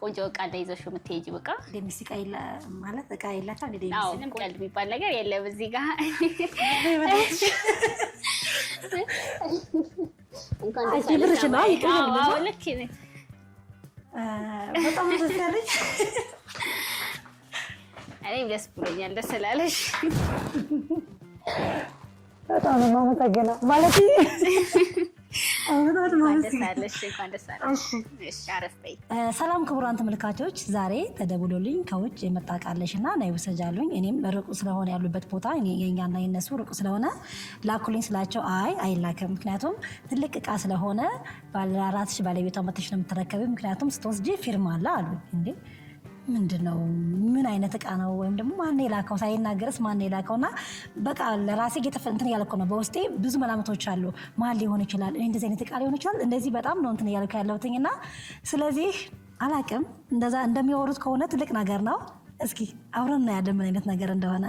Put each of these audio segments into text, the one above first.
ቆንጆ እቃ እንዳይዘሽ የምትሄጂው እቃ ሚስቃ ማለት እቃ የላቸው ቀልድ የሚባል ነገር የለም እዚህ ጋር። እኔም ደስ ብሎኛል ደስ ስላለሽ በጣም ነው የማመሰግነው ማለት ሰላም ክቡራን ተመልካቾች፣ ዛሬ ተደውሎልኝ ከውጭ የመጣ ቃለሽ እና ናይ ውሰጃሉኝ። እኔም ርቁ ስለሆነ ያሉበት ቦታ የኛና የነሱ ርቁ ስለሆነ ላኩልኝ ስላቸው አይ አይላክም፣ ምክንያቱም ትልቅ እቃ ስለሆነ ባለአራት ሺህ ባለቤቷ መተሽ ነው የምትረከብ፣ ምክንያቱም ስትወስጂ ፊርማ አለ አሉ እንዴ ምንድን ነው ምን አይነት እቃ ነው? ወይም ደግሞ ማን የላከው ሳይናገርስ ማን የላከው? እና በቃ ለራሴ እንትን እያልኩ ነው። በውስጤ ብዙ መላምቶች አሉ። ማን ሊሆን ይችላል? እንደዚህ አይነት እቃ ሊሆን ይችላል? እንደዚህ በጣም ነው እንትን እያልኩ ያለሁትኝ እና ስለዚህ አላቅም። እንደዛ እንደሚያወሩት ከሆነ ትልቅ ነገር ነው። እስኪ አብረን እናያለን ምን አይነት ነገር እንደሆነ።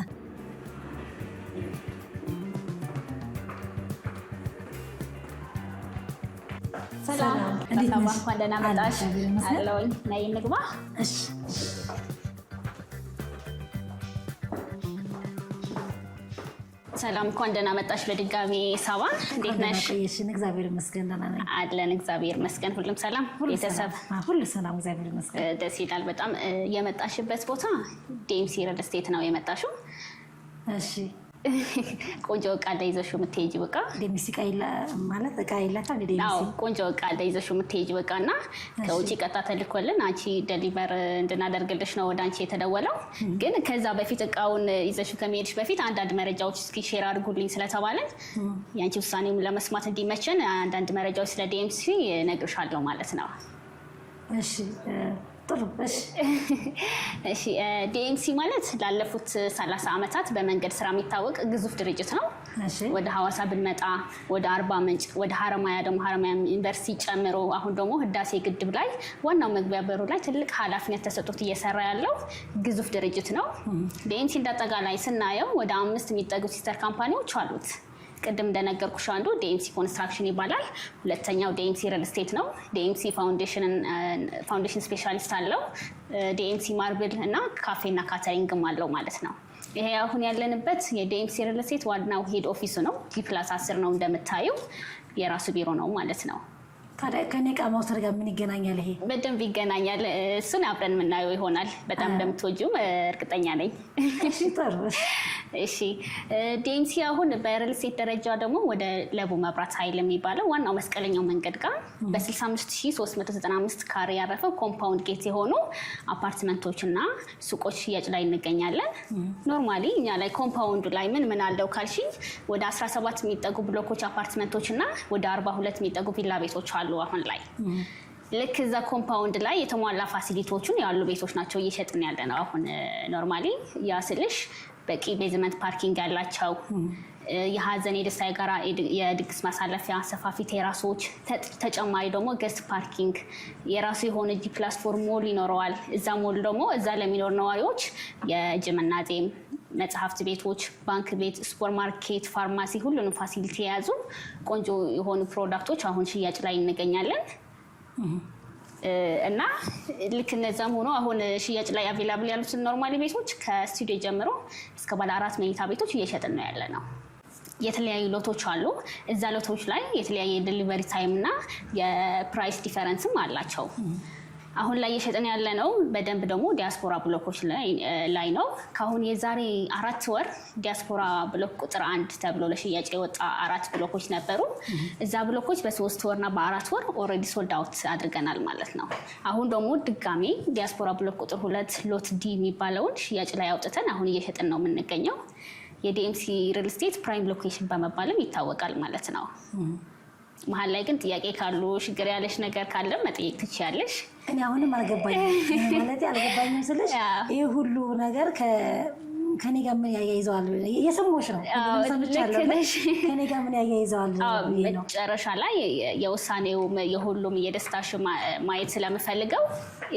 ሰላም፣ እንኳን ደህና መጣሽ። አለሁኝ። ነይ እንግባ። ሰላም እንኳን ደህና መጣሽ በድጋሚ ሳባ፣ እንዴት ነሽ? እግዚአብሔር ይመስገን ደህና ነኝ አለን። እግዚአብሔር ይመስገን ሁሉም ሰላም፣ ቤተሰብ ሁሉ ሰላም፣ እግዚአብሔር ይመስገን። ደስ ይላል በጣም። የመጣሽበት ቦታ ዴምሲ ሪል ስቴት ነው የመጣሽው? እሺ ቆንጆ እቃ አለ ይዘሽ የምትሄጂ በቃ ቆንጆ እቃ ይዘሽ የምትሄጂ በቃ እና ከውጭ ቀጥታ ተልኮልን አንቺ ደሊቨር እንድናደርግልሽ ነው ወደ አንቺ የተደወለው። ግን ከዛ በፊት እቃውን ይዘሽ ከመሄድሽ በፊት አንዳንድ መረጃዎች እስኪ ሼር አድርጉልኝ ስለተባለን የአንቺ ውሳኔም ለመስማት እንዲመችን አንዳንድ መረጃዎች ስለ ዲኤምሲ ነግርሻለሁ ማለት ነው። እሺ ጥሩ እሺ። ዲኤምሲ ማለት ላለፉት 30 ዓመታት በመንገድ ስራ የሚታወቅ ግዙፍ ድርጅት ነው። ወደ ሀዋሳ ብንመጣ ወደ አርባ ምንጭ፣ ወደ ሀረማያ ደግሞ ሀረማያ ዩኒቨርሲቲ ጨምሮ አሁን ደግሞ ህዳሴ ግድብ ላይ ዋናው መግቢያ በሩ ላይ ትልቅ ኃላፊነት ተሰጥቶት እየሰራ ያለው ግዙፍ ድርጅት ነው። ዲኤምሲ እንዳጠቃላይ ስናየው ወደ አምስት የሚጠጉ ሲስተር ካምፓኒዎች አሉት። ቅድም እንደነገርኩሽ አንዱ ዲኤምሲ ኮንስትራክሽን ይባላል። ሁለተኛው ዲኤምሲ ሪል ስቴት ነው። ዲኤምሲ ፋውንዴሽን ስፔሻሊስት አለው። ዲኤምሲ ማርብል እና ካፌና ካተሪንግም አለው ማለት ነው። ይሄ አሁን ያለንበት የዲኤምሲ ሪል ስቴት ዋናው ሄድ ኦፊሱ ነው። ጂ ፕላስ አስር ነው እንደምታየው የራሱ ቢሮ ነው ማለት ነው። ታዲያ ከኔ ቃ ማውሰድ ጋር ምን ይገናኛል? ይሄ በደንብ ይገናኛል። እሱን አብረን የምናየው ይሆናል። በጣም እንደምትወጂው እርግጠኛ ነኝ። እሺ ዴንሲ፣ አሁን በሪልስቴት ደረጃ ደግሞ ወደ ለቡ መብራት ኃይል የሚባለው ዋናው መስቀለኛው መንገድ ጋር በ65395 ካሬ ያረፈ ኮምፓውንድ ጌት የሆኑ አፓርትመንቶች እና ሱቆች ሽያጭ ላይ እንገኛለን። ኖርማሊ እኛ ላይ ኮምፓውንዱ ላይ ምን ምን አለው ካልሽኝ ወደ 17 የሚጠጉ ብሎኮች አፓርትመንቶች እና ወደ 42 የሚጠጉ ቪላ ቤቶች አሉ አሉ አሁን ላይ ልክ እዛ ኮምፓውንድ ላይ የተሟላ ፋሲሊቲዎቹን ያሉ ቤቶች ናቸው እየሸጥን ያለ ነው። አሁን ኖርማሊ ያ ስልሽ በቂ ቤዝመንት ፓርኪንግ ያላቸው የሀዘን የደስታ የጋራ የድግስ ማሳለፊያ ሰፋፊ ቴራሶች፣ ተጨማሪ ደግሞ ገስት ፓርኪንግ የራሱ የሆነ ጂ ፕላትፎርም ሞል ይኖረዋል። እዛ ሞል ደግሞ እዛ ለሚኖር ነዋሪዎች የጅምናዜም መጽሐፍት ቤቶች፣ ባንክ ቤት፣ ሱፐር ማርኬት፣ ፋርማሲ ሁሉንም ፋሲሊቲ የያዙ ቆንጆ የሆኑ ፕሮዳክቶች አሁን ሽያጭ ላይ እንገኛለን እና ልክ እነዛም ሆኖ አሁን ሽያጭ ላይ አቬላብል ያሉትን ኖርማሊ ቤቶች ከስቱዲዮ ጀምሮ እስከ ባለ አራት መኝታ ቤቶች እየሸጥን ነው ያለ ነው። የተለያዩ ሎቶች አሉ። እዛ ሎቶች ላይ የተለያየ የደሊቨሪ ታይም እና የፕራይስ ዲፈረንስም አላቸው። አሁን ላይ እየሸጥን ያለ ነው። በደንብ ደግሞ ዲያስፖራ ብሎኮች ላይ ነው። ከአሁን የዛሬ አራት ወር ዲያስፖራ ብሎክ ቁጥር አንድ ተብሎ ለሽያጭ የወጣ አራት ብሎኮች ነበሩ። እዛ ብሎኮች በሶስት ወርና በአራት ወር ኦልሬዲ ሶልድ አውት አድርገናል ማለት ነው። አሁን ደግሞ ድጋሜ ዲያስፖራ ብሎክ ቁጥር ሁለት ሎት ዲ የሚባለውን ሽያጭ ላይ አውጥተን አሁን እየሸጥን ነው የምንገኘው። የዲኤምሲ ሪል ስቴት ፕራይም ሎኬሽን በመባልም ይታወቃል ማለት ነው። መሀል ላይ ግን ጥያቄ ካሉ ችግር ያለሽ ነገር ካለም መጠየቅ ትችያለሽ። እኔ አሁንም አልገባኝም ማለት አልገባኝም ስልሽ ይህ ሁሉ ነገር ከኔ ጋር ምን ያያይዘዋል? የሰሞች ነው ከኔ ጋር ምን ያያይዘዋል? መጨረሻ ላይ የውሳኔው የሁሉም የደስታሽ ማየት ስለምፈልገው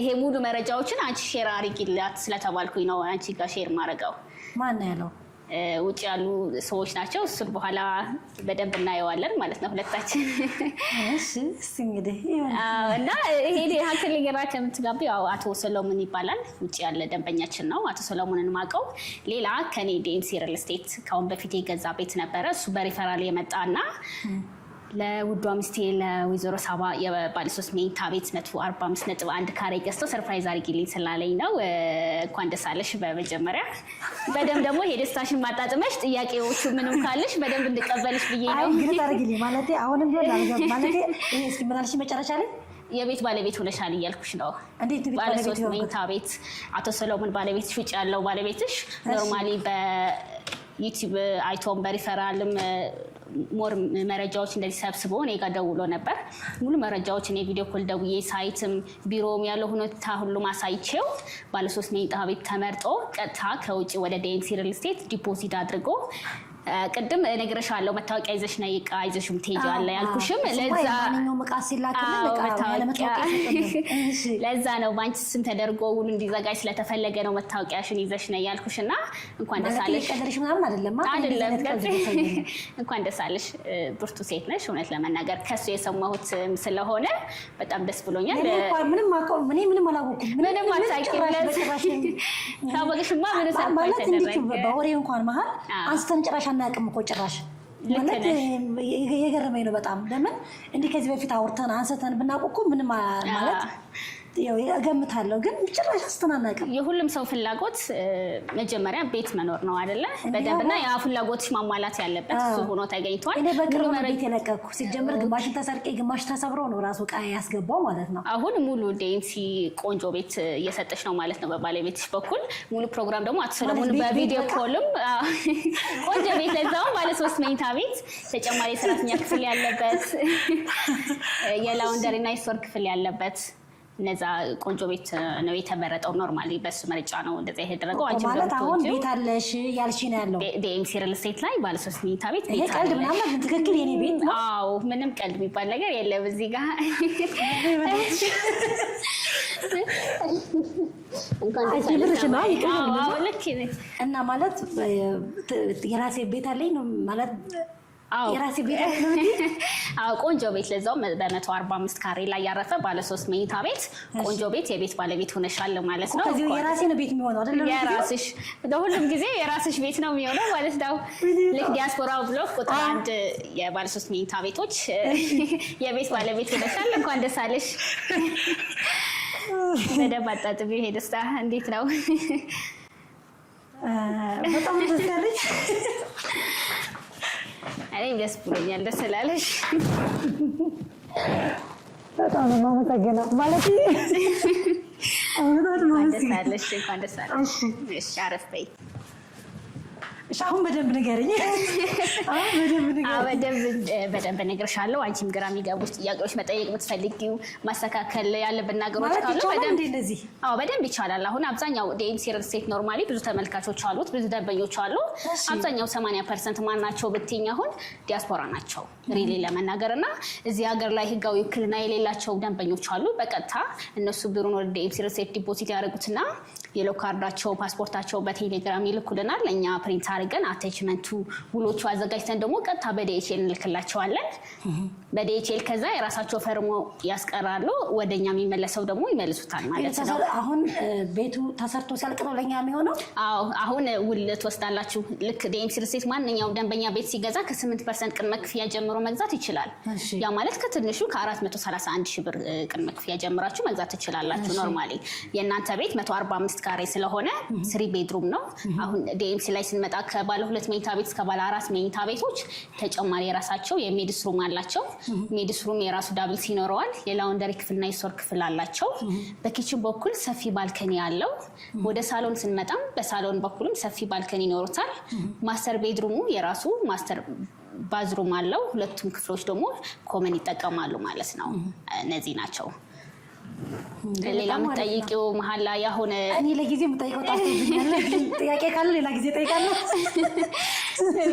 ይሄ ሙሉ መረጃዎችን አንቺ ሼር አድርጊላት ስለተባልኩኝ ነው አንቺ ጋር ሼር ማድረገው ማን ያለው ውጭ ያሉ ሰዎች ናቸው። እሱን በኋላ በደንብ እናየዋለን ማለት ነው ሁለታችን እና ይሄ ሀክል ጌራት የምትጋቢ አቶ ሰሎሞን ይባላል ውጭ ያለ ደንበኛችን ነው። አቶ ሰሎሞንን ማቀው ሌላ ከኔ ዲኤምሲ ሪል ስቴት ከአሁን በፊት የገዛ ቤት ነበረ እሱ በሪፈራል የመጣ እና ለውዷ ሚስቴ ለወይዘሮ ሳባ የባለሶስት መኝታ ቤት መቶ አርባ አምስት ነጥብ አንድ ካሬ ገዝተው ሰርፕራይዝ አድርጊልኝ ስላለኝ ነው። እንኳን ደስ አለሽ። በመጀመሪያ በደንብ ደግሞ ይሄ ማጣጥመሽ ጥያቄዎቹ ምንም ካለሽ በደንብ እንድቀበልሽ ብዬ ነው። ግልጽ አድርጊልኝ ማለቴ አሁንም ቢሆን ማለቴ ምን አልሽኝ መጨረሻ ላይ የቤት ባለቤት ሆነሻል እያልኩሽ ነው። ባለሶስት መኝታ ቤት አቶ ሰሎሞን ባለቤትሽ ውጭ ያለው ባለቤትሽ ኖርማሊ በዩቲዩብ አይቶም በሪፈራልም ሞር መረጃዎች እንደዚህ ሰብስቦ እኔ ጋር ደውሎ ነበር። ሙሉ መረጃዎች እኔ ቪዲዮ ኮል ደውዬ ሳይትም ቢሮም ያለ ሁኔታ ሁሉም አሳይቼው ባለሶስት መኝታ ቤት ተመርጦ ቀጥታ ከውጭ ወደ ዲኤምሲ ሪል ስቴት ዲፖዚት አድርጎ ቅድም እነግርሻለሁ መታወቂያ ይዘሽ ነይ ዕቃ ይዘሽም ትሄጃለሽ ያልኩሽም ለዛ ነው። በአንቺ ስም ተደርጎ ውሉ እንዲዘጋጅ ስለተፈለገ ነው መታወቂያሽን ይዘሽ ነይ ያልኩሽ እና እንኳን ደስ አለሽ እንኳን ደስ አለሽ። ብርቱ ሴት ነሽ። እውነት ለመናገር ከሱ የሰማሁት ስለሆነ በጣም ደስ ብሎኛል። ምንም አታውቂም ታወቅሽማ ምን ሰ በወሬ እንኳን መሀል አንስተን ጭራሽ አናውቅም እኮ ጭራሽ ማለት የገረመኝ ነው በጣም ለምን እንዲህ ከዚህ በፊት አውርተን አንስተን ብናውቅ እኮ ምንም ማለት እገምታለሁ ግን ጭራሽ አስተናናቅም። የሁሉም ሰው ፍላጎት መጀመሪያ ቤት መኖር ነው አይደለ? በደንብና ያ ፍላጎትሽ ማሟላት ያለበት እሱ ሆኖ ተገኝቷል። እኔ በቅርብ ቤት የለቀኩ። ሲጀምር ግማሽን ተሰርቄ ግማሽ ተሰብሮ ነው ራሱ ዕቃ ያስገባው ማለት ነው። አሁን ሙሉ ዴንሲ ቆንጆ ቤት እየሰጠች ነው ማለት ነው በባለቤትሽ በኩል። ሙሉ ፕሮግራም ደግሞ አትሰለሙን በቪዲዮ ኮልም ቆንጆ ቤት ለዛውም ባለ ሶስት መኝታ ቤት ተጨማሪ የሰራተኛ ክፍል ያለበት የላውንደሪ የላውንደሪና የስቶር ክፍል ያለበት እነዛ ቆንጆ ቤት ነው የተመረጠው። ኖርማሊ በሱ ምርጫ ነው እንደዚ የተደረገው። ማለት አሁን ቤት አለሽ ያልሽ ነው ያለው ዲኤምሲ ሪል ስቴት ላይ ባለሶስት መኝታ ቤት ይሄ ቀልድ ምናምን ትክክል የኔ ቤት ነው። አዎ ምንም ቀልድ የሚባል ነገር የለም እዚህ ጋር እና ማለት የራሴ ቤት አለኝ ነው ማለት የራሴ ቤት ቆንጆ ቤት ለዛው በመቶ አርባ አምስት ካሬ ላይ ያረፈ ባለሶስት መኝታ ቤት ቆንጆ ቤት የቤት ባለቤት ሆነሻል ማለት ነው። የራሴ ነው ቤት የሚሆነው አይደለም። የራስሽ ለሁሉም ጊዜ የራስሽ ቤት ነው የሚሆነው ማለት ነው። ልክ ዲያስፖራ ብሎክ ቁጥር አንድ የባለሶስት መኝታ ቤቶች የቤት ባለቤት ሆነሻል። እንኳን ደስ አለሽ። በደንብ አጣጥቢ። ይሄ ደስታ እንዴት ነው? በጣም ደስ ያለች እኔም ደስ ብሎኛል። ደስ ስላለሽ በጣም ነው የማመሰግነው። ማለት እንኳን ደስ አለሽ። እንኳን ደስ አለሽ። እሺ፣ አረፍ በይ። እሺ አሁን በደንብ ንገረኝ። በደንብ ንገረኝ። በደንብ እነግርሻለሁ። አንቺም ግራ የሚገቡ ጥያቄዎች መጠየቅ ብትፈልጊው ማስተካከል ያለብን ነገሮች በደንብ ይቻላል። አሁን አብዛኛው ዲኤምሲ ሪል ስቴት ኖርማሊ ብዙ ተመልካቾች አሉት፣ ብዙ ደንበኞች አሉ። አብዛኛው 80 ፐርሰንት ማን ናቸው ብትኝ አሁን ዲያስፖራ ናቸው ሪሊ ለመናገር እና እዚህ ሀገር ላይ ህጋዊ ውክልና የሌላቸው ደንበኞች አሉ። በቀጥታ እነሱ ብሩን ወደ ዲኤምሲ ሪል ስቴት ዲፖዚት ያደረጉትና የሎ ካርዳቸው ፓስፖርታቸው በቴሌግራም ይልኩልናል። እኛ ፕሪንት አድርገን አቴችመንቱ ውሎቹ አዘጋጅተን ደግሞ ቀጥታ በዲኤችኤል እንልክላቸዋለን። በዲኤችኤል ከዛ የራሳቸው ፈርሞ ያስቀራሉ። ወደኛ የሚመለሰው ደግሞ ይመልሱታል ማለት ነው። አሁን ቤቱ ተሰርቶ ሲያልቅ ነው ለኛ የሚሆነው። አዎ አሁን ውል ትወስዳላችሁ። ልክ ዲኤምሲ ሪልስቴት ማንኛውም ደንበኛ ቤት ሲገዛ ከ8 ፐርሰንት ቅድመ ክፍያ ጀምሮ መግዛት ይችላል። ያ ማለት ከትንሹ ከ431 ሺህ ብር ቅድመ ክፍያ ጀምራችሁ መግዛት ትችላላችሁ። ኖርማሊ የእናንተ ቤት 145 አምስት ካሬ ስለሆነ ስሪ ቤድሩም ነው። አሁን ዲኤምሲ ላይ ስንመጣ ከባለ ሁለት መኝታ ቤት እስከ ባለ አራት መኝታ ቤቶች ተጨማሪ የራሳቸው የሜድስ ሩም አላቸው። ሜድስ ሩም የራሱ ዳብልስ ይኖረዋል። የላውንደሪ ክፍልና የሶር ክፍል አላቸው። በኪችን በኩል ሰፊ ባልከኒ አለው። ወደ ሳሎን ስንመጣም በሳሎን በኩልም ሰፊ ባልከኒ ይኖሩታል። ማስተር ቤድሩሙ የራሱ ማስተር ባዝሩም አለው። ሁለቱም ክፍሎች ደግሞ ኮመን ይጠቀማሉ ማለት ነው። እነዚህ ናቸው። ሌላ የምትጠይቂው መሀላ ያሁን እኔ ለጊዜ የምጠይቀው ጣፍቶብኛል። ጥያቄ ካለ ሌላ ጊዜ እጠይቃለሁ።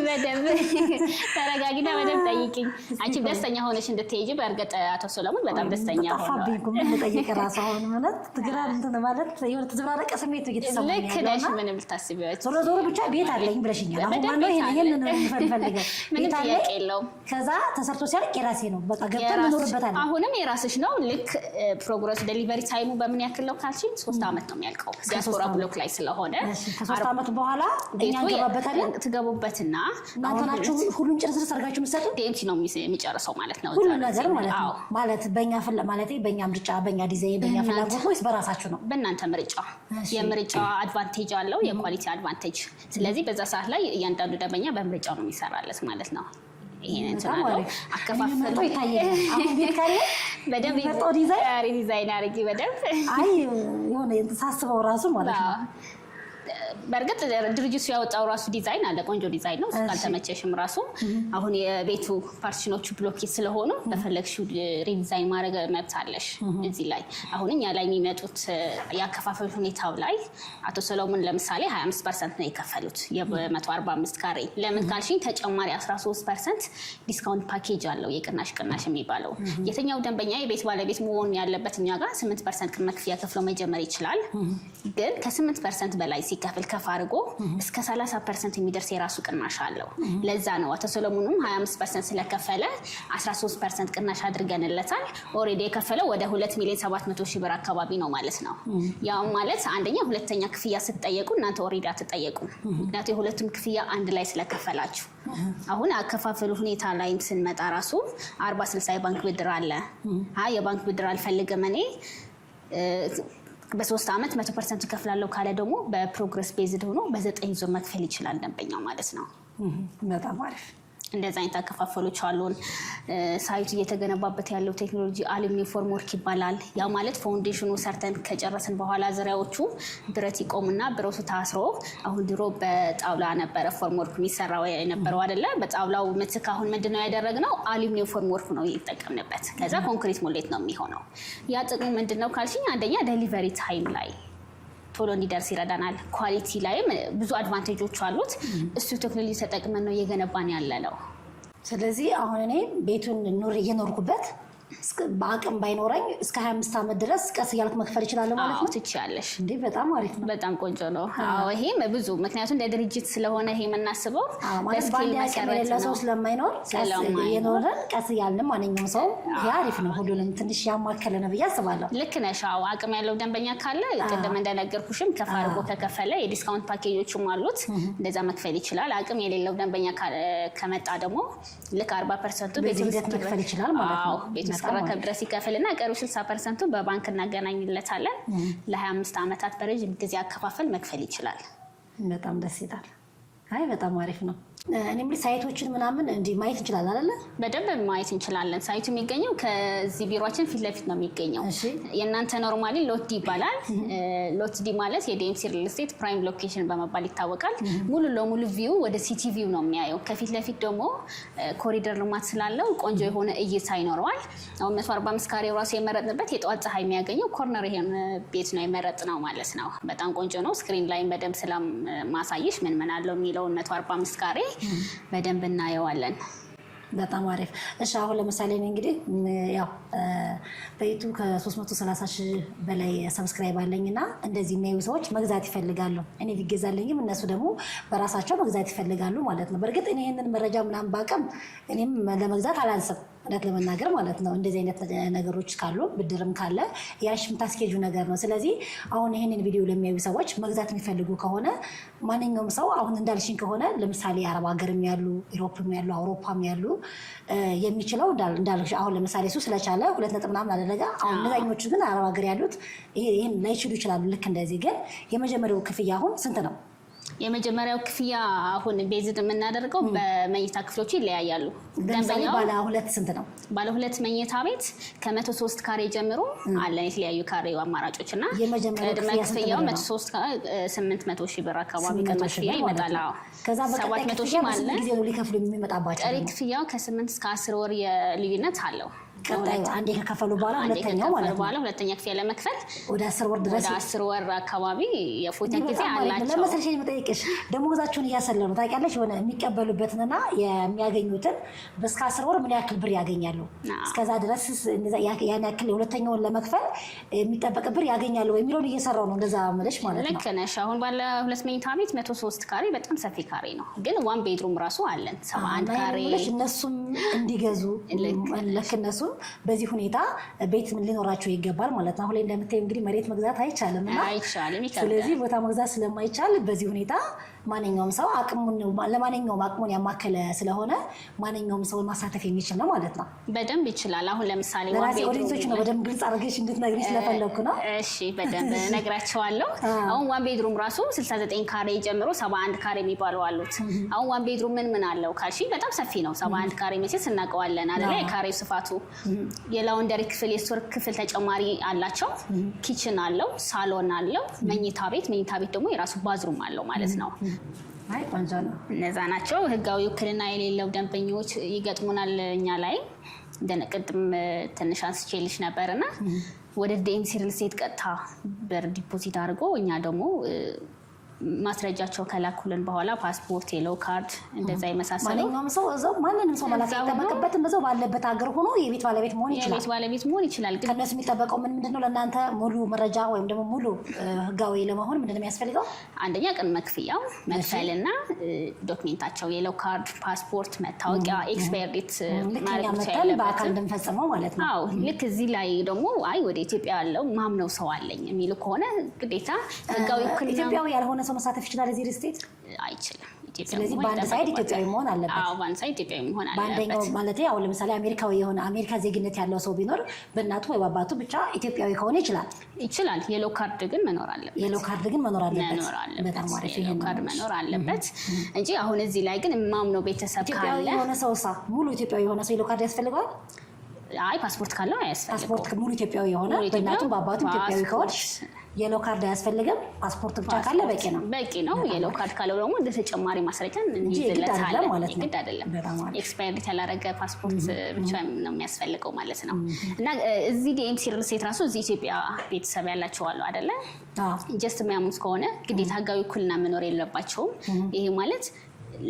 በደንብ ተረጋጊና በደንብ ጠይቅኝ። አንቺ ደስተኛ ሆነች እንድትሄጂ በእርግጥ አቶ ሶሎሞን በጣም ደስተኛ ልክ ነሽ። ምንም ልታስቢ ዞሮ ዞሮ ብቻ ቤት አለኝ ብለሽኛል። ከዛ ተሰርቶ ሲያልቅ የራሴ ነው፣ በቃ ገብተን እንኖርበታለን። አሁንም የራስሽ ነው። ልክ ፕሮግረስ ዴሊቨሪ ታይሙ በምን ያክል ነው ካልሽኝ፣ ሶስት ዓመት ነው የሚያልቀው ዲያስፖራ ብሎክ ላይ ስለሆነ ከሶስት ዓመት በኋላ እኛ እንገባበታለን። ትገቡበት እና ናንተናችሁ ሁሉም ጭርስር ሰርጋችሁ የምትሰጡ ዴንቲ ነው የሚጨርሰው ማለት ነው። ሁሉ ነገር ማለት ነው ማለት በእኛ ፍላ ማለት በእኛ ምርጫ፣ በእኛ ዲዛይን፣ በእኛ ፍላጎት ወይስ በራሳችሁ ነው? በእናንተ ምርጫ። የምርጫ አድቫንቴጅ አለው የኳሊቲ አድቫንቴጅ። ስለዚህ በዛ ሰዓት ላይ እያንዳንዱ ደንበኛ በምርጫው ነው የሚሰራለት ማለት ነው። ይሄንን ትናለው አከፋፈሉ ይታያል። ቤት ካለ በደንብ ዲዛይን አርጊ በደንብ አይ የሆነ ሳስበው ራሱ ማለት ነው በእርግጥ ድርጅቱ ያወጣው ራሱ ዲዛይን አለ፣ ቆንጆ ዲዛይን ነው። ካልተመቸሽም ራሱ አሁን የቤቱ ፓርቲሽኖቹ ብሎኬት ስለሆኑ በፈለግሽው ሪዲዛይን ማድረግ መብት አለሽ። እዚህ ላይ አሁን እኛ ላይ የሚመጡት የአከፋፈል ሁኔታው ላይ አቶ ሰሎሞን ለምሳሌ 25 ፐርሰንት ነው የከፈሉት የ145 ካሬ። ለምን ካልሽኝ ተጨማሪ 13 ፐርሰንት ዲስካውንት ፓኬጅ አለው የቅናሽ ቅናሽ የሚባለው የትኛው ደንበኛ የቤት ባለቤት መሆን ያለበት እኛ ጋር 8 ፐርሰንት ቅድመ ክፍያ ከፍሎ መጀመር ይችላል። ግን ከ8 ፐርሰንት በላይ ሲከፍል ከፍ አድርጎ እስከ 30 ፐርሰንት የሚደርስ የራሱ ቅናሽ አለው። ለዛ ነው አቶ ሰለሞኑም 25 ፐርሰንት ስለከፈለ 13 ፐርሰንት ቅናሽ አድርገንለታል። ኦልሬዲ የከፈለው ወደ 2 ሚሊዮን 700 ሺህ ብር አካባቢ ነው ማለት ነው። ያው ማለት አንደኛ ሁለተኛ ክፍያ ስትጠየቁ እናንተ ኦልሬዲ አትጠየቁ፣ ምክንያቱ የሁለቱም ክፍያ አንድ ላይ ስለከፈላችሁ። አሁን አከፋፈሉ ሁኔታ ላይም ስንመጣ ራሱ 40 60 የባንክ ብድር አለ። የባንክ ብድር አልፈልግም እኔ በሶስት ዓመት መቶ ፐርሰንት እከፍላለሁ ካለ ደግሞ በፕሮግረስ ቤዝድ ሆኖ በዘጠኝ ዙር መክፈል ይችላል ደንበኛው ማለት ነው። በጣም አሪፍ እንደዚ አይነት አከፋፈሎች አሉን። ሳይቱ እየተገነባበት ያለው ቴክኖሎጂ አሉሚኒ ፎርምወርክ ይባላል። ያ ማለት ፋውንዴሽኑ ሰርተን ከጨረስን በኋላ ዙሪያዎቹ ብረት ይቆምና ብረቱ ታስሮ አሁን ድሮ በጣውላ ነበረ ፎርምወርክ ወርክ የሚሰራ የነበረው አደለ? በጣውላው ምትክ አሁን ምንድነው ያደረግነው? አሉሚኒ ፎርም ነው የሚጠቀምንበት። ከዛ ኮንክሪት ሙሌት ነው የሚሆነው። ያ ጥቅሙ ምንድነው ካልሽኝ፣ አንደኛ ደሊቨሪ ታይም ላይ ቶሎ እንዲደርስ ይረዳናል። ኳሊቲ ላይም ብዙ አድቫንቴጆች አሉት። እሱ ቴክኖሎጂ ተጠቅመን ነው እየገነባን ያለ ነው። ስለዚህ አሁን እኔ ቤቱን ኑር እየኖርኩበት በአቅም ባይኖረኝ እስከ 25 ዓመት ድረስ ቀስ እያልኩ መክፈል ይችላለ ማለት ነው። ትችያለሽ እንዴ? በጣም አሪፍ ነው። በጣም ቆንጆ ነው። አዎ ይሄም ብዙ ምክንያቱም እንደ ድርጅት ስለሆነ ይሄ የምናስበው በስኪል መሰረት ነው። ሰው ስለማይኖር የኖረ ቀስ እያልን ማንኛውም ሰው ይሄ አሪፍ ነው። ሁሉንም ትንሽ ያማከለ ነው ብዬ አስባለሁ። ልክ ነሽ። አዎ አቅም ያለው ደንበኛ ካለ ቅድም እንደነገርኩሽም ከፍ አድርጎ ከከፈለ የዲስካውንት ፓኬጆችም አሉት፣ እንደዛ መክፈል ይችላል። አቅም የሌለው ደንበኛ ከመጣ ደግሞ ልክ አርባ ፐርሰንቱ ቤት መክፈል ይችላል ማለት ነው። እስከመርከብ ድረስ ይከፍል ይከፍልና ቀሪው 60 ፐርሰንቱ በባንክ እናገናኝለታለን። ለ25 ዓመታት በረጅም ጊዜ አከፋፈል መክፈል ይችላል። በጣም ደስ ይላል። አይ በጣም አሪፍ ነው። እኔ ሳይቶችን ምናምን እንዲህ ማየት እንችላለን አይደለ? በደንብ ማየት እንችላለን። ሳይቱ የሚገኘው ከዚህ ቢሮችን ፊት ለፊት ነው የሚገኘው። የእናንተ ኖርማሊ ሎትዲ ይባላል። ሎትዲ ማለት የዲኤምሲ ሪል ስቴት ፕራይም ሎኬሽን በመባል ይታወቃል። ሙሉ ለሙሉ ቪው ወደ ሲቲ ቪው ነው የሚያየው። ከፊት ለፊት ደግሞ ኮሪደር ልማት ስላለው ቆንጆ የሆነ እይታ ይኖረዋል። አሁን መቶ አርባ አምስት ካሬ ራሱ የመረጥንበት የጠዋት ፀሐይ የሚያገኘው ኮርነር ይሄን ቤት ነው የመረጥ ነው ማለት ነው። በጣም ቆንጆ ነው። ስክሪን ላይ በደንብ ስለማሳየሽ ምን ምን አለው የሚለው ያለውን 145 ካሬ በደንብ እናየዋለን። በጣም አሪፍ። እሺ አሁን ለምሳሌ እንግዲህ ያው በዩቱብ ከ330 ሺህ በላይ ሰብስክራይብ አለኝ እና እንደዚህ የሚያዩ ሰዎች መግዛት ይፈልጋሉ። እኔ ቢገዛልኝም እነሱ ደግሞ በራሳቸው መግዛት ይፈልጋሉ ማለት ነው። በእርግጥ እኔ ይህንን መረጃ ምናምን ባቅም እኔም ለመግዛት አላንስም እውነት ለመናገር ማለት ነው። እንደዚህ አይነት ነገሮች ካሉ ብድርም ካለ ያሽ ምታስኬጁ ነገር ነው። ስለዚህ አሁን ይህንን ቪዲዮ ለሚያዩ ሰዎች መግዛት የሚፈልጉ ከሆነ ማንኛውም ሰው አሁን እንዳልሽኝ ከሆነ ለምሳሌ አረብ ሀገርም ያሉ ኢሮፕም ያሉ አውሮፓም ያሉ የሚችለው እንዳልሽ አሁን ለምሳሌ እሱ ስለቻለ ሁለት ነጥብ ምናምን አደረገ። አሁን ነዛኞቹ ግን አረብ ሀገር ያሉት ይህን ላይችሉ ይችላሉ። ልክ እንደዚህ ግን የመጀመሪያው ክፍያ አሁን ስንት ነው? የመጀመሪያው ክፍያ አሁን ቤዝድ የምናደርገው በመኝታ ክፍሎቹ ይለያያሉ። ደንበኛው ባለ ሁለት ስንት ነው? ባለ ሁለት መኝታ ቤት ከመቶ ሶስት ካሬ ጀምሮ አለን የተለያዩ ካሬ አማራጮች እና ቅድመ ክፍያው መቶ ሶስት ስምንት መቶ ሺህ ብር አካባቢ ቅድመ ክፍያ ይመጣል። ሰባት መቶ ሺህ ማለት ቀሪ ክፍያው ከስምንት እስከ አስር ወር የልዩነት አለው። አንዴ ከከፈሉ በኋላ ሁለተኛው ማለት ነው። ሁለተኛ ክፍያ ለመክፈል ወደ አስር ወር ድረስ ወደ አስር ወር አካባቢ የፎቶ ጊዜ አላቸው። ለመሰለሽ እያሰለኑ ታውቂያለሽ። የሆነ የሚቀበሉበትንና የሚያገኙትን እስከ አስር ወር ምን ያክል ብር ያገኛሉ፣ እስከዛ ድረስ ያን ያክል የሁለተኛውን ለመክፈል የሚጠበቅ ብር ያገኛሉ የሚለውን እየሰራው ነው። እንደዛ ምልሽ ማለት ነው። ልክ ነሽ። አሁን ባለ ሁለት መኝታ ቤት መቶ ሶስት ካሬ በጣም ሰፊ ካሬ ነው፣ ግን ዋን ቤድሩም ራሱ አለን ሰባ አንድ ካሬ እነሱም እንዲገዙ ልክ እነሱ ምክንያቱም በዚህ ሁኔታ ቤት ሊኖራቸው ይገባል ማለት ነው። አሁን ላይ እንደምታየው እንግዲህ መሬት መግዛት አይቻልም እና ስለዚህ ቦታ መግዛት ስለማይቻል በዚህ ሁኔታ ማንኛውም ሰው አቅሙን ለማንኛውም አቅሙን ያማከለ ስለሆነ ማንኛውም ሰውን ማሳተፍ የሚችል ነው ማለት ነው። በደንብ ይችላል። አሁን ለምሳሌ ለራሴ ኦዲየንሶች ነው በደንብ ግልጽ አድርገሽ እንድትነግሪ ስለፈለግኩ ነው። እሺ፣ በደንብ እነግራቸዋለሁ። አሁን ዋን ቤድሩም ራሱ 69 ካሬ ጀምሮ 71 ካሬ የሚባሉ አሉት። አሁን ዋን ቤድሩም ምን ምን አለው ካልሽ በጣም ሰፊ ነው። 71 ካሬ መቼ ስናቀዋለን አለ የካሬው ስፋቱ፣ የላውንደሪ ክፍል፣ የስቶር ክፍል ተጨማሪ አላቸው። ኪችን አለው፣ ሳሎን አለው፣ መኝታ ቤት መኝታ ቤት ደግሞ የራሱ ባዝሩም አለው ማለት ነው። አይ ቆንጆ ነው። እነዛ ናቸው ህጋዊ ውክልና የሌለው ደንበኞች ይገጥሙናል እኛ ላይ እንደነቅድም ትንሽ አንስቼልሽ ነበርና ወደ ዲኤምሲ ሪል ስቴት ቀጥታ በር ዲፖዚት አድርጎ እኛ ደግሞ ማስረጃቸው ከላኩልን በኋላ ፓስፖርት፣ የለው ካርድ እንደዛ የመሳሰለው ማንኛውም ሰው እዛው ማንንም ሰው ማለት አይጠበቅበትም። እዛው ባለበት ሀገር ሆኖ የቤት ባለቤት መሆን ይችላል። የቤት ባለቤት መሆን ይችላል። ግን ከነሱ የሚጠበቀው ምን ምንድነው? ለእናንተ ሙሉ መረጃ ወይም ደግሞ ሙሉ ህጋዊ ለመሆን ምንድነው የሚያስፈልገው? አንደኛ ቅድመ ክፍያው መክፈል እና ዶክሜንታቸው፣ የለው ካርድ፣ ፓስፖርት፣ መታወቂያ ኤክስፓየር ዴት በአካል እንደምፈጽመው ማለት ነው። አዎ ልክ እዚህ ላይ ደግሞ አይ ወደ ኢትዮጵያ ያለው ማምነው ሰው አለኝ የሚሉ ከሆነ ግዴታ ህጋዊ ኢትዮጵያዊ ያልሆነ ሰው መሳተፍ ይችላል እዚህ ሪስቴት ስቴት አይችልም። ስለዚህ በአንድ ሳይድ ኢትዮጵያዊ መሆን አለበት። በአንደኛው ማለት አሁን ለምሳሌ አሜሪካዊ የሆነ አሜሪካ ዜግነት ያለው ሰው ቢኖር በእናቱ ወይ በአባቱ ብቻ ኢትዮጵያዊ ከሆነ ይችላል ይችላል። የሎ ካርድ ግን መኖር አለበት። የሎ ካርድ ግን መኖር አለበት። በጣም አሪፍ። ካርድ መኖር አለበት እንጂ አሁን እዚህ ላይ ግን የማምነው ቤተሰብ ካለ የሆነ ሰው ሳ ሙሉ ኢትዮጵያዊ የሆነ ሰው የሎ ካርድ ያስፈልገዋል አይ ፓስፖርት ካለው አያስፈልግም። ፓስፖርት ሙሉ ኢትዮጵያዊ የሆነ በእናቱም በአባቱም ኢትዮጵያዊ ከሆንሽ የሎ ካርድ አያስፈልግም። ፓስፖርት ብቻ ካለ በቂ ነው በቂ ነው። የሎ ካርድ ካለው ደግሞ እንደ ተጨማሪ ማስረጃ እንይዝለታለን። ግድ አይደለም። ኤክስፓየርድ ያላረገ ፓስፖርት ብቻ ነው የሚያስፈልገው ማለት ነው። እና እዚህ ዲኤምሲ ሪልስቴት ራሱ እዚህ ኢትዮጵያ ቤተሰብ ያላቸው አሉ አይደለ? ጀስት የሚያምኑት ከሆነ ግዴታ ህጋዊ እኩልና መኖር የለባቸውም። ይሄ ማለት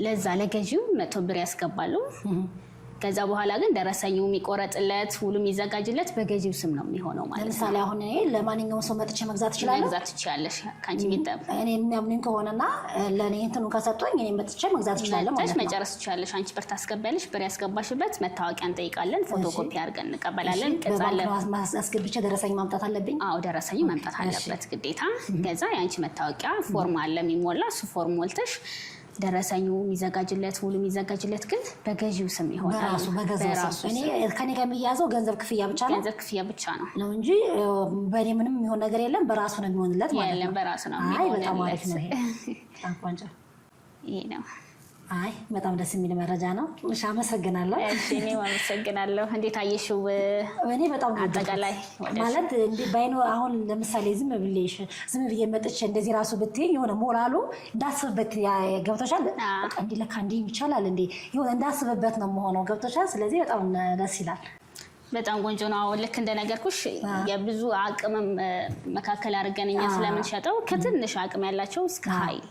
ለዛ ለገዢው መቶ ብር ያስገባሉ ከዛ በኋላ ግን ደረሰኙ የሚቆረጥለት ውሉ የሚዘጋጅለት በገዢው ስም ነው የሚሆነው ማለት ለምሳሌ አሁን እኔ ለማንኛውም ሰው መጥቼ መግዛት ይችላል መግዛት ትችላለሽ። ከአንቺ የሚጠብ እኔ የሚያምኑኝ ከሆነና ለእኔ እንትኑ ከሰጡኝ እኔ መጥቼ መግዛት ይችላለ ማለት ነው። መጨረስ ትችላለሽ። አንቺ ብር ታስገቢያለሽ። ብር ያስገባሽበት መታወቂያ እንጠይቃለን። ፎቶኮፒ አድርገን እንቀበላለን። ቅጻለን አስገብቼ ደረሰኝ ማምጣት አለብኝ። አዎ ደረሰኝ ማምጣት አለበት ግዴታ። ከዛ የአንቺ መታወቂያ ፎርም አለ የሚሞላ እሱ ፎርም ሞልተሽ ደረሰኙ የሚዘጋጅለት ሙሉ የሚዘጋጅለት ግን በገዢው ስም ይሆናል። እኔ ከኔ ጋር ገንዘብ ክፍያ ብቻ ነው፣ ገንዘብ ክፍያ ብቻ ነው ነው እንጂ በእኔ ምንም የሚሆን ነገር የለም። በራሱ ነው የሚሆንለት ማለት ነው። በራሱ ነው። በጣም አሪፍ ነው። ይሄ ነው። አይ በጣም ደስ የሚል መረጃ ነው። ትንሽ አመሰግናለሁ። እኔም አመሰግናለሁ። እንዴት አየሽው? እኔ በጣም አጠቃላይ ማለት ባይኖ አሁን ለምሳሌ ዝም ብዬሽ ዝም ብዬ መጥቼ እንደዚህ ራሱ ብትይኝ የሆነ ሞራሉ እንዳስብበት ገብቶሻል። እንዲ ለካ እንዲ ይቻላል እንዴ የሆነ እንዳስብበት ነው መሆነው ገብቶሻል። ስለዚህ በጣም ደስ ይላል። በጣም ቆንጆ ነው። አሁን ልክ እንደነገርኩሽ የብዙ አቅምም መካከል አድርገን እኛ ስለምንሸጠው ከትንሽ አቅም ያላቸው እስከ ሀይል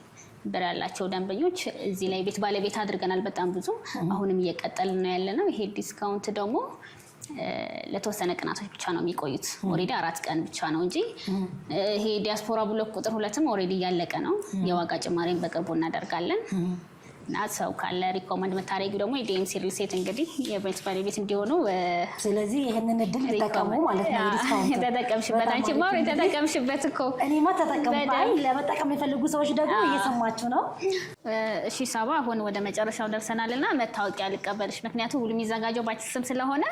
ብር ያላቸው ደንበኞች እዚህ ላይ ቤት ባለቤት አድርገናል። በጣም ብዙ አሁንም እየቀጠል ነው ያለ ነው። ይሄ ዲስካውንት ደግሞ ለተወሰነ ቀናቶች ብቻ ነው የሚቆዩት። ኦልሬዲ አራት ቀን ብቻ ነው እንጂ ይሄ ዲያስፖራ ብሎክ ቁጥር ሁለትም ኦልሬዲ እያለቀ ነው። የዋጋ ጭማሪን በቅርቡ እናደርጋለን። እና ሰው ካለ ሪኮመንድ የምታደርጊው ደግሞ የዲኤምሲ ሪል ስቴት እንግዲህ የቤት ባለቤት እንዲሆኑ ስለዚህ ይህንን እድል ተጠቀሙ ማለት ነው። ተጠቀምሽበት አንቺ ማሩ የተጠቀምሽበት እኮ እኔማ ተጠቀምባል። ለመጠቀም የፈልጉ ሰዎች ደግሞ እየሰማችሁ ነው። እሺ ሳባ፣ አሁን ወደ መጨረሻው ደርሰናል እና መታወቂያ ልቀበልሽ፣ ምክንያቱም ውሉ የሚዘጋጀው ባንቺ ስም ስለሆነ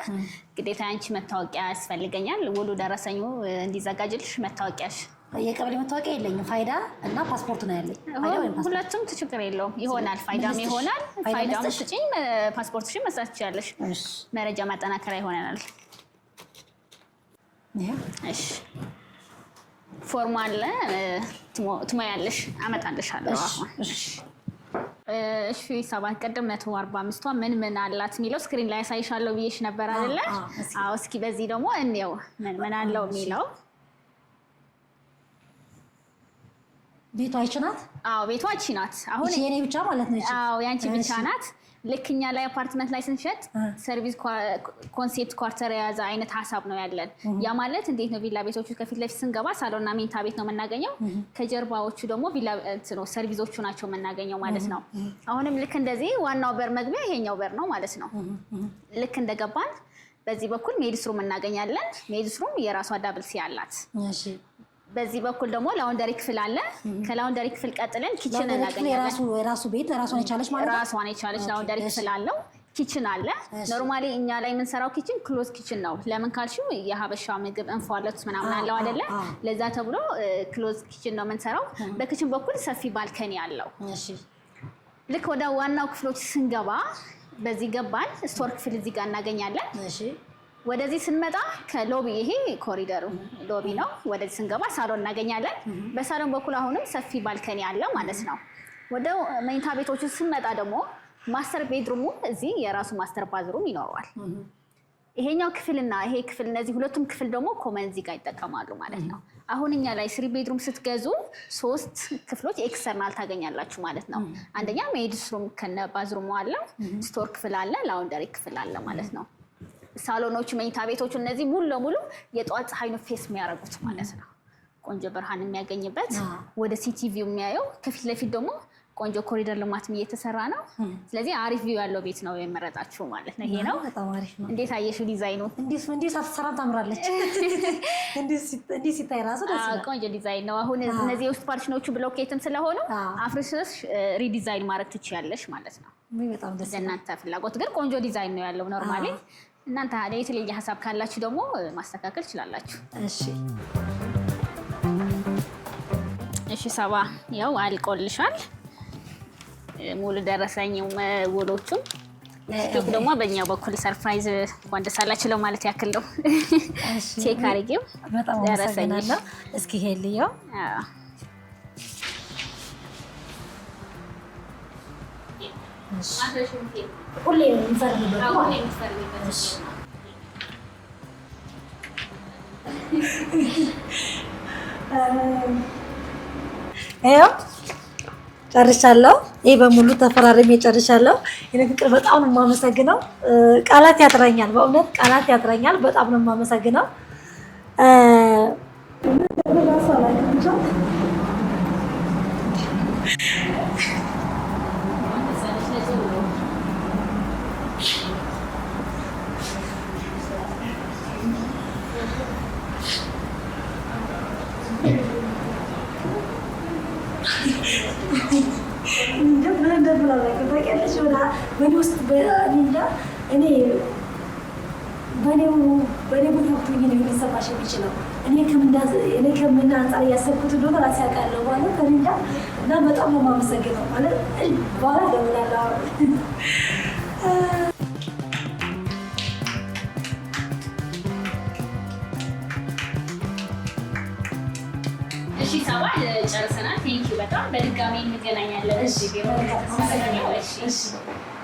ግዴታ አንቺ መታወቂያ ያስፈልገኛል። ውሉ ደረሰኙ እንዲዘጋጅልሽ መታወቂያሽ የቀበሌ መታወቂያ የለኝም። ፋይዳ እና ፓስፖርት ነው ያለኝ። ሁለቱም ችግር የለውም ይሆናል። ፋይዳም ይሆናል። ፋይዳም ስጭኝ፣ ፓስፖርትሽን መስራት ትችላለሽ። መረጃ ማጠናከሪያ ይሆነናል። እሺ ፎርሙ አለ ትሞያለሽ፣ አመጣልሻለሁ። እሺ ሰባት ቅድም መቶ አርባ አምስቷ ምን ምን አላት የሚለው ስክሪን ላይ ያሳይሻለሁ ብዬሽ ነበር አይደለ? አዎ፣ እስኪ በዚህ ደግሞ እንየው ምን ምን አለው የሚለው ቤቷ ይቺ ናት። አዎ ቤቷ ይቺ ናት። አሁን የኔ ብቻ ማለት ነው። አዎ ያንቺ ብቻ ናት። ልክ ላይ አፓርትመንት ላይ ስንሸጥ ሰርቪስ ኮንሴፕት ኳርተር የያዘ አይነት ሀሳብ ነው ያለን። ያ ማለት እንዴት ነው? ቪላ ቤቶቹ ከፊት ለፊት ስንገባ ሳሎና ሜንታ ቤት ነው የምናገኘው። ከጀርባዎቹ ደግሞ ቪላ ሰርቪሶቹ ናቸው የምናገኘው ማለት ነው። አሁንም ልክ እንደዚህ ዋናው በር መግቢያ ይሄኛው በር ነው ማለት ነው። ልክ እንደገባን በዚህ በኩል ሜድስሩም እናገኛለን። ሜዲስሩም የራሷ ዳብል ሲ አላት። በዚህ በኩል ደግሞ ላውንደሪ ክፍል አለ። ከላውንደሪ ክፍል ቀጥለን ኪችን እናገኛለን። የራሱ ቤት ራሷን የቻለች ማለት ነው። ራሷን የቻለች ላውንደሪ ክፍል አለው። ኪችን አለ። ኖርማሊ እኛ ላይ የምንሰራው ኪችን ክሎዝ ኪችን ነው። ለምን ካልሽው የሀበሻ ምግብ እንፏለት ምናምን አለው አይደለ? ለዛ ተብሎ ክሎዝ ኪችን ነው የምንሰራው። በኪችን በኩል ሰፊ ባልከኒ አለው። ልክ ወደ ዋናው ክፍሎች ስንገባ በዚህ ገባን። ስቶር ክፍል እዚህ ጋር እናገኛለን። ወደዚህ ስንመጣ ከሎቢ ይሄ ኮሪደሩ ሎቢ ነው። ወደዚህ ስንገባ ሳሎን እናገኛለን። በሳሎን በኩል አሁንም ሰፊ ባልከኒ አለ ማለት ነው። ወደ መኝታ ቤቶቹ ስንመጣ ደግሞ ማስተር ቤድሩሙ እዚህ የራሱ ማስተር ባዝሩም ይኖረዋል። ይሄኛው ክፍልና ይሄ ክፍል እነዚህ ሁለቱም ክፍል ደግሞ ኮመን እዚህ ጋር ይጠቀማሉ ማለት ነው። አሁን እኛ ላይ ስሪ ቤድሩም ስትገዙ ሶስት ክፍሎች ኤክስተርናል ታገኛላችሁ ማለት ነው። አንደኛ ሜድስሩም ከነ ባዝሩሙ አለ፣ ስቶር ክፍል አለ፣ ላውንደሪ ክፍል አለ ማለት ነው። ሳሎኖች፣ መኝታ ቤቶች እነዚህ ሙሉ ለሙሉ የጠዋት ፀሐይ ፌስ የሚያደርጉት ማለት ነው። ቆንጆ ብርሃን የሚያገኝበት ወደ ሲቲቪው የሚያየው ከፊት ለፊት ደግሞ ቆንጆ ኮሪደር ልማት እየተሰራ ነው። ስለዚህ አሪፍ ቪው ያለው ቤት ነው የመረጣችሁ ማለት ነው። ይሄ ነው። እንዴት አየሽው? ዲዛይኑ እንዲህ አትሰራም፣ ታምራለች። እንዲህ ሲታይ ራሱ ቆንጆ ዲዛይን ነው። አሁን እነዚህ የውስጥ ፓርቲሽኖቹ ብሎኬትም ስለሆኑ አፍርሰሽ ሪዲዛይን ማድረግ ትችያለሽ ማለት ነው። በጣም ደስ እናንተ ፍላጎት ግን ቆንጆ ዲዛይን ነው ያለው ኖርማሊ እናንተ ታዲያ የተለየ ሀሳብ ካላችሁ ደግሞ ማስተካከል ትችላላችሁ። እሺ እሺ። ሰባ ያው አልቆልሻል። ሙሉ ደረሰኝም ውሎቹም ኬክ ደግሞ በእኛው በኩል ሰርፕራይዝ እንኳን ደስ አላችሁ ለማለት ያክል ነው። ኬክ አርጌው ደረሰኝ። እስኪ ሄልየው ይኸው ጨርሻለሁ። ይህ በሙሉ ተፈራርሜ ጨርሻለሁ። ፍቅር በጣም ነው የማመሰግነው። ቃላት ያጥረኛል፣ በእውነት ቃላት ያጥረኛል። በጣም ነው የማመሰግነው። ወደ ውስጥ እንዳ እኔ በእኔ ቦታ ብትሆኝ ነው ሊሰማሽ የሚችለው። እኔ ከምን አንጻር እያሰብኩት እንደሆነ ራሴ ያውቃለሁ ማለት እንዳ እና በጣም ነው የማመሰግነው ማለት በኋላ እደውላለሁ። እሺ ሰባ ጨርሰናል። ቴንኪው በጣም በድጋሚ እንገናኛለን። እሺ